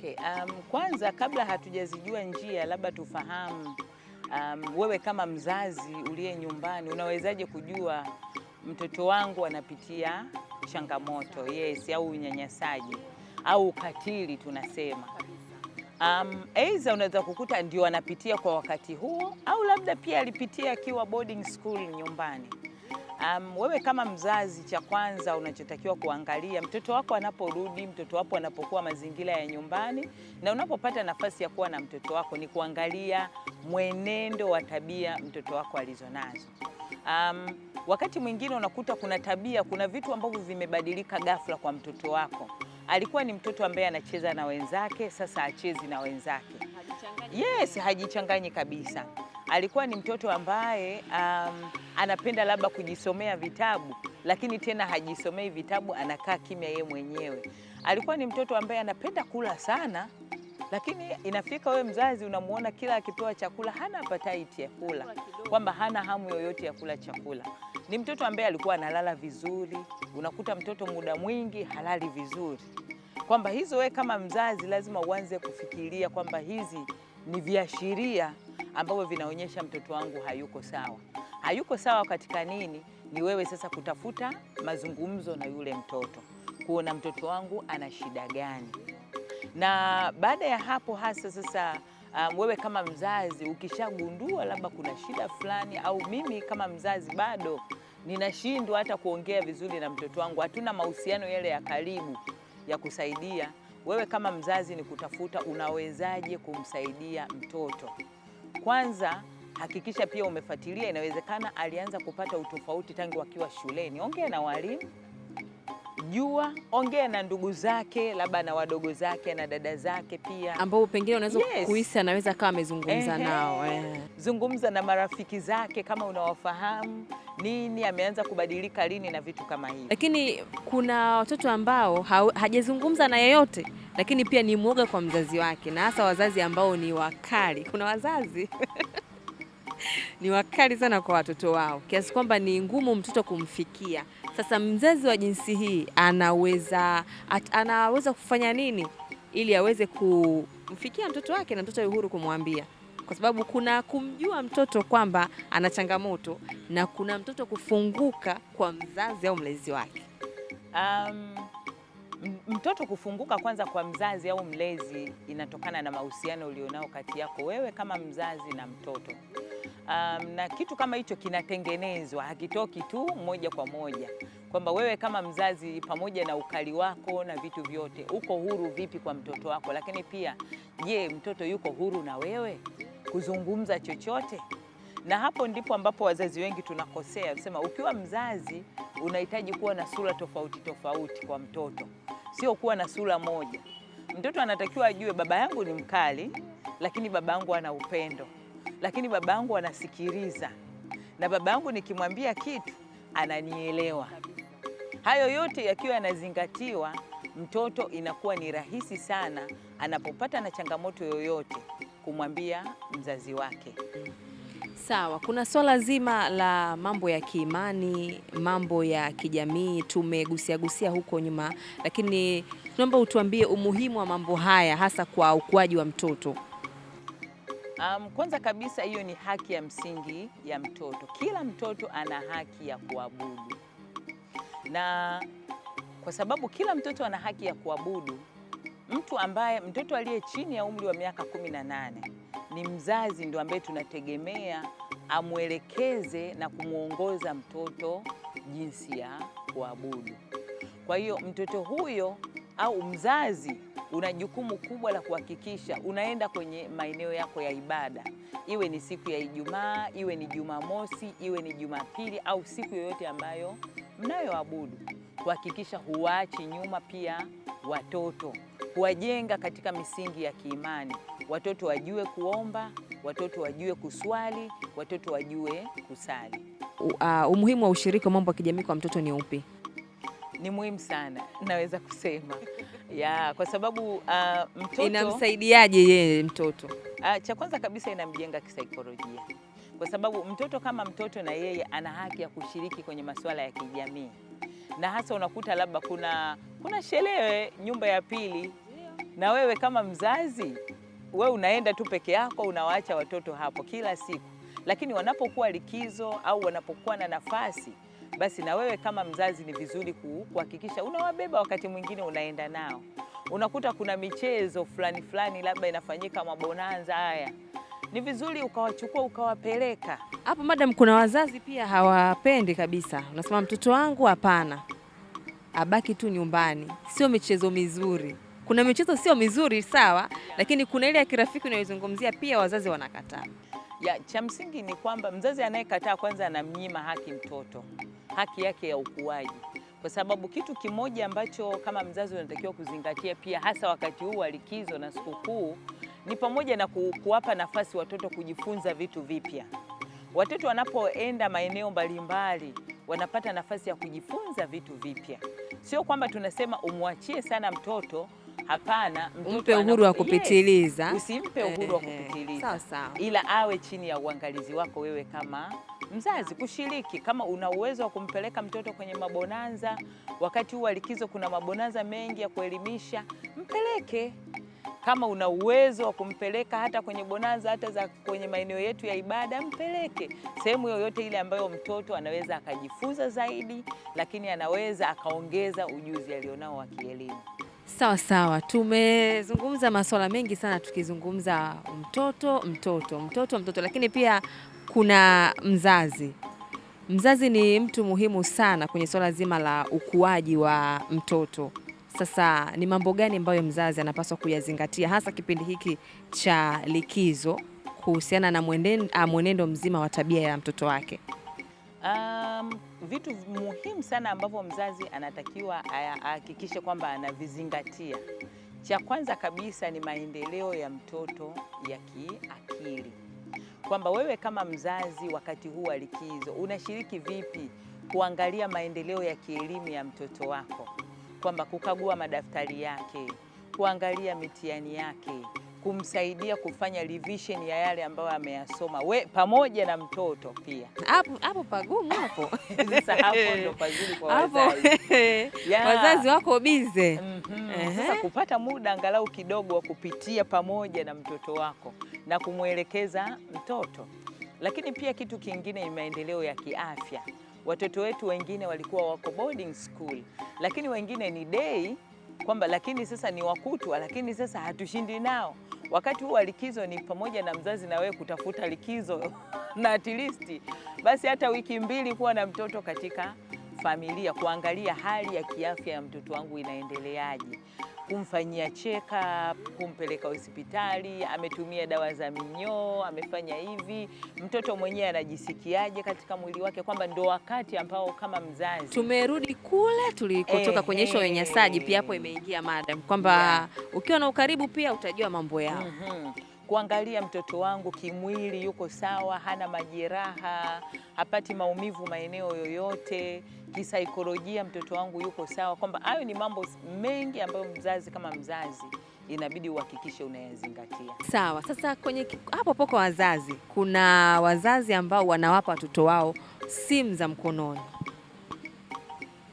Okay, um, kwanza kabla hatujazijua njia, labda tufahamu um, wewe kama mzazi uliye nyumbani unawezaje kujua mtoto wangu anapitia changamoto yes, au unyanyasaji au ukatili tunasema. Um, aidha unaweza kukuta ndio anapitia kwa wakati huo, au labda pia alipitia akiwa boarding school nyumbani Um, wewe kama mzazi, cha kwanza unachotakiwa kuangalia mtoto wako anaporudi, mtoto wako anapokuwa mazingira ya nyumbani, na unapopata nafasi ya kuwa na mtoto wako, ni kuangalia mwenendo wa tabia mtoto wako alizonazo. Um, wakati mwingine unakuta kuna tabia, kuna vitu ambavyo vimebadilika ghafla kwa mtoto wako. Alikuwa ni mtoto ambaye anacheza na wenzake, sasa achezi na wenzake Yes, hajichanganyi kabisa. Alikuwa ni mtoto ambaye um, anapenda labda kujisomea vitabu, lakini tena hajisomei vitabu, anakaa kimya yeye mwenyewe. Alikuwa ni mtoto ambaye anapenda kula sana, lakini inafika wewe mzazi unamuona kila akipewa chakula hana appetite ya kula, kwamba hana hamu yoyote ya kula chakula. Ni mtoto ambaye alikuwa analala vizuri, unakuta mtoto muda mwingi halali vizuri kwamba hizo wewe kama mzazi lazima uanze kufikiria kwamba hizi ni viashiria ambavyo vinaonyesha mtoto wangu hayuko sawa. Hayuko sawa katika nini? Ni wewe sasa kutafuta mazungumzo na yule mtoto, kuona mtoto wangu ana shida gani, na baada ya hapo hasa sasa Um, wewe kama mzazi ukishagundua labda kuna shida fulani, au mimi kama mzazi bado ninashindwa hata kuongea vizuri na mtoto wangu, hatuna mahusiano yale ya karibu, ya kusaidia wewe kama mzazi ni kutafuta unawezaje kumsaidia mtoto. Kwanza hakikisha pia umefuatilia, inawezekana alianza kupata utofauti tangu akiwa shuleni. Ongea na walimu, jua, ongea na ndugu zake, labda na wadogo zake na dada zake pia, ambao pengine unaweza yes, kuhisi anaweza kama amezungumza nao. eh. zungumza na marafiki zake kama unawafahamu, nini ameanza kubadilika lini na vitu kama hivyo. Lakini kuna watoto ambao hajazungumza na yeyote, lakini pia ni mwoga kwa mzazi wake, na hasa wazazi ambao ni wakali. Kuna wazazi ni wakali sana kwa watoto wao kiasi kwamba ni ngumu mtoto kumfikia. Sasa mzazi wa jinsi hii anaweza at, anaweza kufanya nini ili aweze kumfikia mtoto wake na mtoto uhuru kumwambia? kwa sababu kuna kumjua mtoto kwamba ana changamoto na kuna mtoto kufunguka kwa mzazi au mlezi wake. Um, mtoto kufunguka kwanza kwa mzazi au mlezi inatokana na mahusiano ulionao kati yako wewe kama mzazi na mtoto. Um, na kitu kama hicho kinatengenezwa, hakitoki tu moja kwa moja, kwamba wewe kama mzazi pamoja na ukali wako na vitu vyote, uko huru vipi kwa mtoto wako, lakini pia je, mtoto yuko huru na wewe? kuzungumza chochote, na hapo ndipo ambapo wazazi wengi tunakosea. Sema ukiwa mzazi unahitaji kuwa na sura tofauti tofauti kwa mtoto, sio kuwa na sura moja. Mtoto anatakiwa ajue baba yangu ni mkali, lakini baba yangu ana upendo, lakini baba yangu anasikiliza, na baba yangu nikimwambia kitu ananielewa. Hayo yote yakiwa yanazingatiwa, mtoto inakuwa ni rahisi sana anapopata na changamoto yoyote kumwambia mzazi wake. Sawa, kuna swala zima la mambo ya kiimani, mambo ya kijamii tumegusia gusia huko nyuma, lakini tunaomba utuambie umuhimu wa mambo haya hasa kwa ukuaji wa mtoto. Um, kwanza kabisa hiyo ni haki ya msingi ya mtoto. Kila mtoto ana haki ya kuabudu, na kwa sababu kila mtoto ana haki ya kuabudu, mtu ambaye mtoto aliye chini ya umri wa miaka kumi na nane ni mzazi ndo ambaye tunategemea amwelekeze na kumwongoza mtoto jinsi ya kuabudu. Kwa hiyo mtoto huyo au mzazi una jukumu kubwa la kuhakikisha unaenda kwenye maeneo yako ya ibada, iwe ni siku ya Ijumaa, iwe ni Jumamosi, iwe ni Jumapili au siku yoyote ambayo mnayoabudu, kuhakikisha huachi nyuma pia watoto, kuwajenga katika misingi ya kiimani. Watoto wajue kuomba, watoto wajue kuswali, watoto wajue kusali. Uh, umuhimu wa ushiriki wa mambo ya kijamii kwa mtoto ni upi? Ni muhimu sana naweza kusema ya, kwa sababu uh, mtoto inamsaidiaje yeye mtoto? Uh, cha kwanza kabisa inamjenga kisaikolojia kwa sababu mtoto kama mtoto na yeye ana haki ya kushiriki kwenye masuala ya kijamii, na hasa unakuta labda kuna kuna shelewe nyumba ya pili, na wewe kama mzazi, we unaenda tu peke yako, unawaacha watoto hapo kila siku, lakini wanapokuwa likizo au wanapokuwa na nafasi, basi na wewe kama mzazi ni vizuri kuhakikisha unawabeba, wakati mwingine unaenda nao. Unakuta kuna michezo fulani fulani labda inafanyika mabonanza haya ni vizuri ukawachukua ukawapeleka hapo. Madam, kuna wazazi pia hawapendi kabisa, unasema mtoto wangu hapana abaki tu nyumbani, sio michezo mizuri. Kuna michezo sio mizuri sawa, lakini kuna ile ya kirafiki unayozungumzia pia, wazazi wanakataa. Ya, cha msingi ni kwamba mzazi anayekataa kwanza anamnyima haki mtoto, haki yake ya ukuaji, kwa sababu kitu kimoja ambacho kama mzazi unatakiwa kuzingatia pia, hasa wakati huu wa likizo na sikukuu, ni pamoja na kuwapa nafasi watoto kujifunza vitu vipya. Watoto wanapoenda maeneo mbalimbali wanapata nafasi ya kujifunza vitu vipya. Sio kwamba tunasema umwachie sana mtoto, hapana. Mtoto mpe uhuru wa kupitiliza, yes, usimpe uhuru wa kupitiliza sawa sawa, ila awe chini ya uangalizi wako wewe kama mzazi kushiriki. Kama una uwezo wa kumpeleka mtoto kwenye mabonanza, wakati huu wa likizo kuna mabonanza mengi ya kuelimisha, mpeleke kama una uwezo wa kumpeleka hata kwenye bonanza, hata za kwenye maeneo yetu ya ibada, mpeleke sehemu yoyote ile ambayo mtoto anaweza akajifunza zaidi, lakini anaweza akaongeza ujuzi alionao wa kielimu. Sawa sawa, tumezungumza masuala mengi sana, tukizungumza mtoto mtoto mtoto mtoto, lakini pia kuna mzazi. Mzazi ni mtu muhimu sana kwenye swala zima la ukuaji wa mtoto. Sasa ni mambo gani ambayo mzazi anapaswa kuyazingatia hasa kipindi hiki cha likizo kuhusiana na ah, mwenendo, mzima wa tabia ya mtoto wake? Um, vitu muhimu sana ambavyo mzazi anatakiwa ahakikishe kwamba anavizingatia. Cha kwanza kabisa ni maendeleo ya mtoto ya kiakili, kwamba wewe kama mzazi wakati huu wa likizo unashiriki vipi kuangalia maendeleo ya kielimu ya mtoto wako kwamba kukagua madaftari yake, kuangalia mitihani yake, kumsaidia kufanya revision ya yale ambayo ameyasoma we pamoja na mtoto pia. Hapo hapo pagumu hapo. Sasa hapo ndo pazuri kwa wazazi. Yeah. Wazazi wako bize. Mm -hmm. Sasa kupata muda angalau kidogo wa kupitia pamoja na mtoto wako na kumwelekeza mtoto, lakini pia kitu kingine ni maendeleo ya kiafya watoto wetu wengine walikuwa wako boarding school, lakini wengine ni day kwamba, lakini sasa ni wakutwa, lakini sasa hatushindi nao. Wakati huu wa likizo ni pamoja na mzazi na wewe kutafuta likizo na at least basi hata wiki mbili kuwa na mtoto katika familia, kuangalia hali ya kiafya ya mtoto wangu inaendeleaje kumfanyia check up, kumpeleka hospitali, ametumia dawa za minyoo, amefanya hivi, mtoto mwenyewe anajisikiaje katika mwili wake, kwamba ndo wakati ambao kama mzazi tumerudi kule tulikotoka kwenye ishu ya Pia hapo imeingia madam kwamba yeah, ukiwa na ukaribu pia utajua mambo yao. mm -hmm kuangalia mtoto wangu kimwili yuko sawa, hana majeraha, hapati maumivu maeneo yoyote, kisaikolojia mtoto wangu yuko sawa, kwamba hayo ni mambo mengi ambayo mzazi kama mzazi inabidi uhakikishe unayazingatia. Sawa. Sasa kwenye hapo hapo kwa wazazi, kuna wazazi ambao wanawapa watoto wao simu za mkononi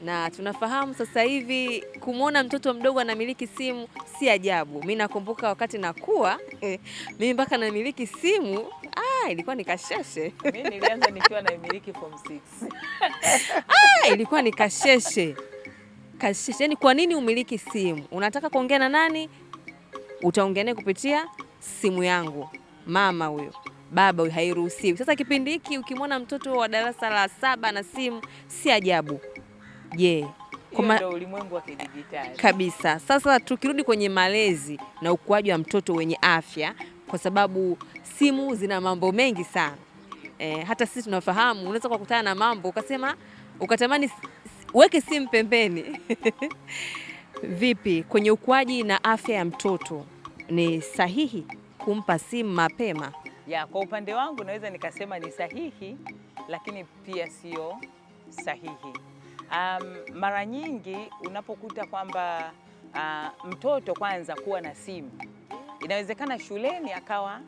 na tunafahamu sasa hivi kumwona mtoto mdogo anamiliki simu si ajabu. Mi nakumbuka wakati nakuwa eh, mimi mpaka namiliki simu ah, ilikuwa ni kasheshe. Mimi nilianza nikiwa naimiliki form 6 ah, ilikuwa ni kasheshe kasheshe. Yani, kwa nini umiliki simu? Unataka kuongea na nani? Utaongea naye kupitia simu yangu, mama huyo baba huyo, hairuhusiwi. Sasa kipindi hiki ukimwona mtoto wa darasa la saba na simu si ajabu. Je, ndio ulimwengu wa kidijitali kabisa. Sasa tukirudi kwenye malezi na ukuaji wa mtoto wenye afya, kwa sababu simu zina mambo mengi sana e, hata sisi tunafahamu, unaweza kukutana na mambo ukasema ukatamani weke simu pembeni. Vipi kwenye ukuaji na afya ya mtoto, ni sahihi kumpa simu mapema? Ya, kwa upande wangu naweza nikasema ni sahihi, lakini pia sio sahihi. Um, mara nyingi unapokuta kwamba uh, mtoto kwanza kuwa na simu, inawezekana shuleni akawa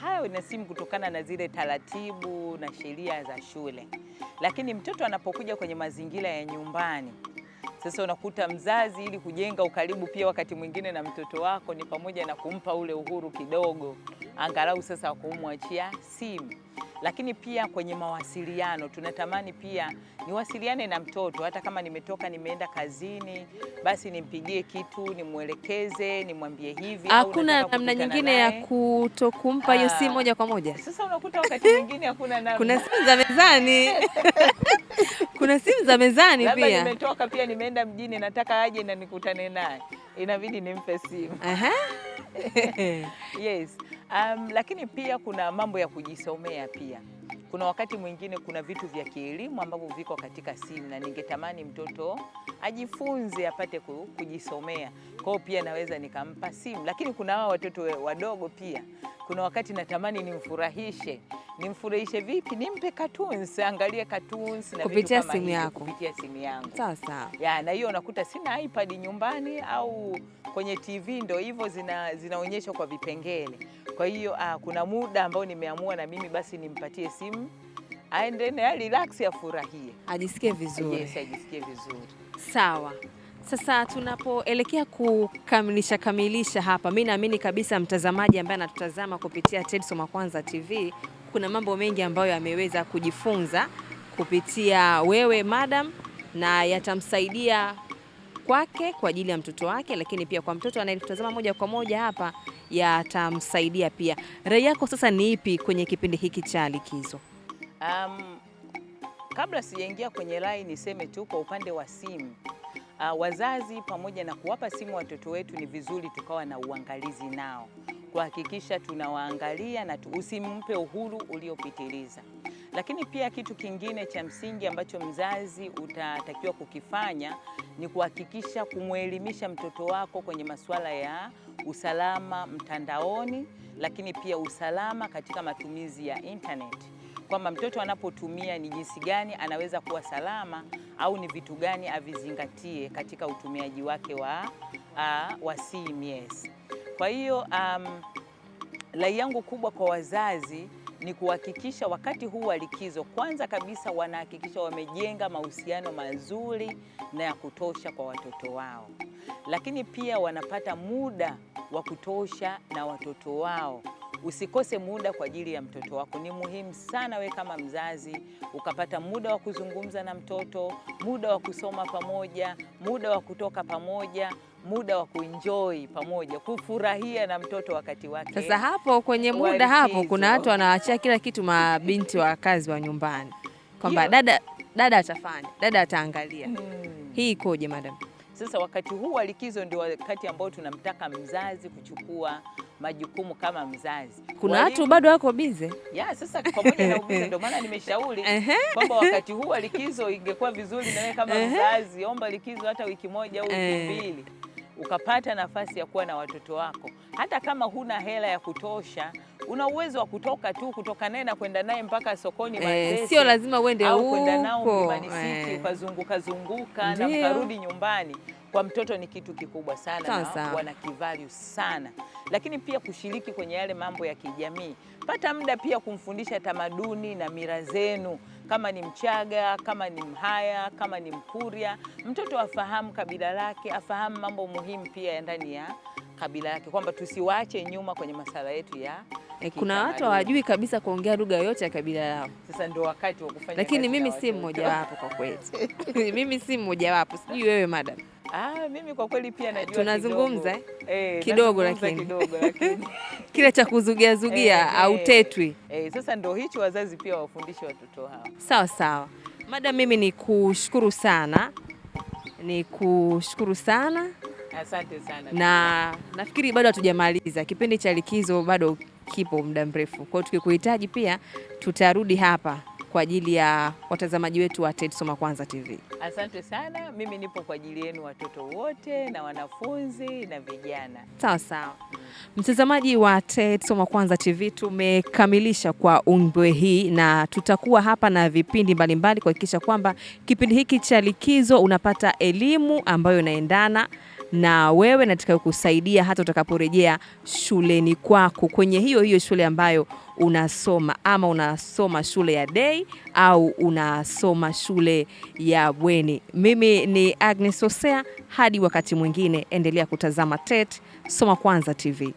hayo na simu kutokana na zile taratibu na sheria za shule, lakini mtoto anapokuja kwenye mazingira ya nyumbani sasa unakuta mzazi, ili kujenga ukaribu pia wakati mwingine na mtoto wako, ni pamoja na kumpa ule uhuru kidogo angalau sasa kumwachia simu. Lakini pia kwenye mawasiliano tunatamani pia niwasiliane na mtoto, hata kama nimetoka nimeenda kazini, basi nimpigie kitu, nimwelekeze, nimwambie hivi. Hakuna namna nyingine ya kutokumpa hiyo ah. simu moja kwa moja. Sasa unakuta wakati mwingine hakuna namna. Kuna simu za mezani kuna simu za mezani pia. Labda nimetoka pia nimeenda mjini, nataka aje na nikutane naye, inabidi nimpe simu. Aha. yes. Um, lakini pia kuna mambo ya kujisomea pia. Kuna wakati mwingine kuna vitu vya kielimu ambavyo viko katika simu na ningetamani mtoto ajifunze apate kujisomea. Kwa hiyo pia naweza nikampa simu, lakini kuna hawa watoto wadogo pia, kuna wakati natamani nimfurahishe. Nimfurahishe vipi? Nimpe cartoons, angalie cartoons na kupitia simu yako, kupitia simu yangu. Sasa ya na hiyo unakuta sina iPad nyumbani au kwenye TV, ndo hivyo zina, zinaonyeshwa kwa vipengele kwa hiyo ah, kuna muda ambao nimeamua na mimi basi nimpatie simu aende na relax, afurahie, ajisikie vizuri. Yes, ajisikie vizuri. Sawa. Sasa tunapoelekea kukamilisha kamilisha hapa, mi naamini kabisa mtazamaji ambaye anatutazama kupitia TET Soma Kwanza TV kuna mambo mengi ambayo yameweza kujifunza kupitia wewe madam, na yatamsaidia kwake kwa ajili ya mtoto wake, lakini pia kwa mtoto anayetutazama moja kwa moja hapa yatamsaidia pia. Rai yako sasa ni ipi kwenye kipindi hiki cha likizo? Um, kabla sijaingia kwenye rai niseme tu kwa upande wa simu Uh, wazazi pamoja na kuwapa simu watoto wetu, ni vizuri tukawa na uangalizi nao, kuhakikisha tunawaangalia na usimpe uhuru uliopitiliza. Lakini pia kitu kingine cha msingi ambacho mzazi utatakiwa kukifanya ni kuhakikisha kumwelimisha mtoto wako kwenye masuala ya usalama mtandaoni, lakini pia usalama katika matumizi ya intaneti, kwamba mtoto anapotumia ni jinsi gani anaweza kuwa salama au ni vitu gani avizingatie katika utumiaji wake wa, uh, wa CMS. Kwa hiyo um, rai yangu kubwa kwa wazazi ni kuhakikisha wakati huu wa likizo, kwanza kabisa wanahakikisha wamejenga mahusiano mazuri na ya kutosha kwa watoto wao, lakini pia wanapata muda wa kutosha na watoto wao. Usikose muda kwa ajili ya mtoto wako. Ni muhimu sana we kama mzazi ukapata muda wa kuzungumza na mtoto, muda wa kusoma pamoja, muda wa kutoka pamoja muda wa kuenjoy pamoja, kufurahia na mtoto wakati wake. Sasa hapo kwenye muda hapo kuna watu wanaachia kila kitu mabinti wa kazi wa nyumbani kwamba dada dada atafanya, dada ataangalia. hmm. hii ikoje madam? Sasa wakati huu wa likizo ndio wakati ambao tunamtaka mzazi kuchukua majukumu kama mzazi. Kuna watu bado wako bize ya sasa, pamoja na ubize, ndio maana nimeshauri kwamba wakati huu wa likizo ingekuwa vizuri na wewe kama mzazi, omba likizo hata wiki moja au wiki eh. mbili ukapata nafasi ya kuwa na watoto wako, hata kama huna hela ya kutosha, una uwezo wa kutoka tu kutoka naye na kwenda naye mpaka sokoni eh, sio lazima uende huko, kwenda nao Mlimani City eh. ukazunguka zunguka na ukarudi nyumbani kwa mtoto ni kitu kikubwa sana Sasa. na wanakivalue sana lakini pia kushiriki kwenye yale mambo ya kijamii. Pata muda pia kumfundisha tamaduni na mira zenu, kama ni Mchaga, kama ni Mhaya, kama ni Mkurya, mtoto afahamu kabila lake, afahamu mambo muhimu pia ya ndani ya kabila lake, kwamba tusiwache nyuma kwenye masala yetu ya e, kuna watu hawajui kabisa kuongea lugha yoyote ya kabila lao. Sasa ndio wakati wa kufanya, lakini mimi si mmojawapo kwa kweli mimi si mmojawapo, sijui wewe madam. Ah, mimi kwa kweli pia najua tunazungumza kidogo, eh? eh? kidogo lakini, kile cha kuzugia zugia eh, au tetwi eh, eh, sasa ndio hicho wazazi pia wafundishe watoto hao. Sawa sawa, madam, mimi ni kushukuru sana ni kushukuru sana asante sana na nafikiri bado hatujamaliza kipindi cha likizo, bado kipo muda mrefu. Kwa hiyo tukikuhitaji pia tutarudi hapa kwa ajili ya watazamaji wetu wa TET Soma Kwanza TV. Asante sana, mimi nipo kwa ajili yenu watoto wote na wanafunzi na vijana. Sawa sawa, mtazamaji wa TET Soma Kwanza TV, tumekamilisha kwa umbwe hii na tutakuwa hapa na vipindi mbalimbali kuhakikisha kwamba kipindi hiki cha likizo unapata elimu ambayo inaendana na wewe nataka kukusaidia hata utakaporejea shuleni kwako kwenye hiyo hiyo shule ambayo unasoma, ama unasoma shule ya day au unasoma shule ya bweni. Mimi ni Agnes osea hadi wakati mwingine, endelea kutazama TET e Soma Kwanza TV.